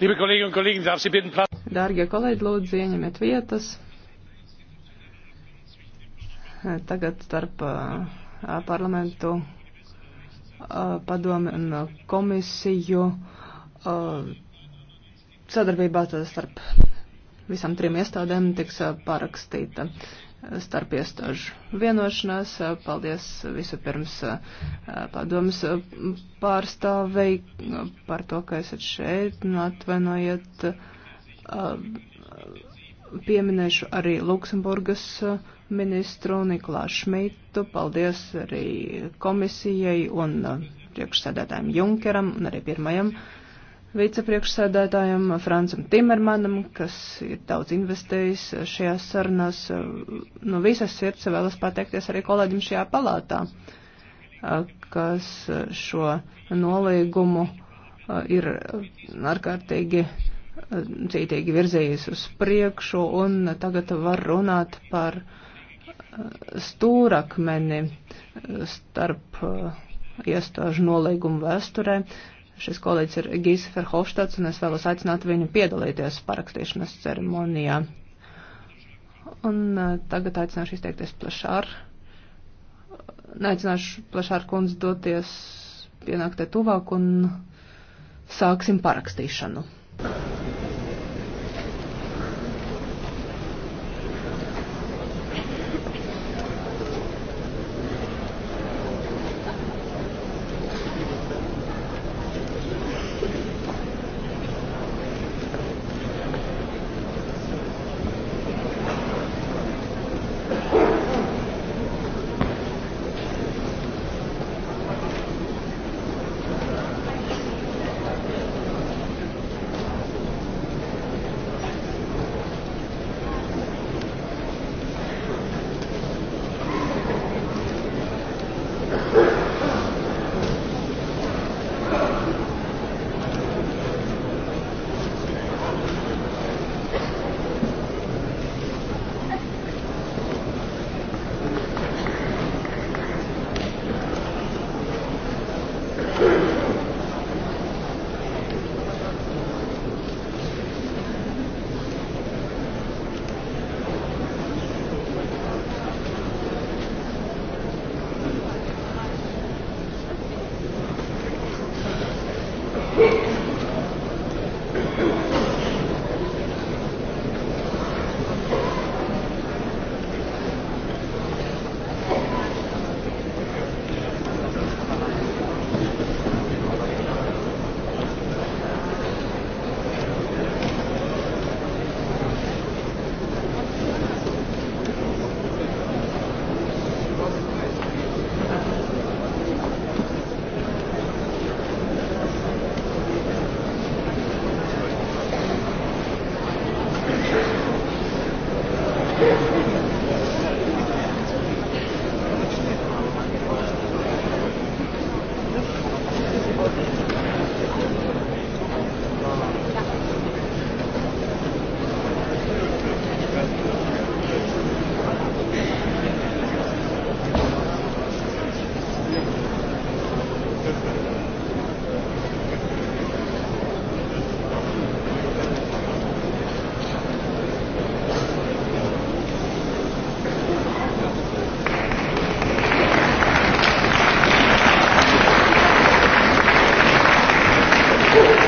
Dārgie kolēģi, lūdzu, ieņemiet vietas. Tagad starp parlamentu padomu un komisiju sadarbībā starp visām trim iestādēm tiks parakstīta starp iestāžu vienošanās. Paldies visu pirms padomas pārstāvei par to, ka esat šeit. Nu, atvainojiet, pieminēšu arī Luksemburgas ministru Niklā Šmitu. Paldies arī komisijai un priekšsēdētājiem Junkeram un arī pirmajam uh, vicepriekšsēdētājam Francam Timermanam, kas ir daudz investējis šajās sarunās. No visas sirds vēlas pateikties arī kolēģim šajā palātā, kas šo nolīgumu ir ārkārtīgi cītīgi virzījis uz priekšu un tagad var runāt par stūrakmeni starp iestāžu nolīgumu vēsturē. Šis kolēģis ir Gīs Ferhofstads, un es vēlos aicināt viņu piedalīties parakstīšanas ceremonijā. Un e, tagad aicināšu izteikties plašāru. Neaicināšu plašāru kundzi doties pienāktē tuvāk un sāksim parakstīšanu. Thank you.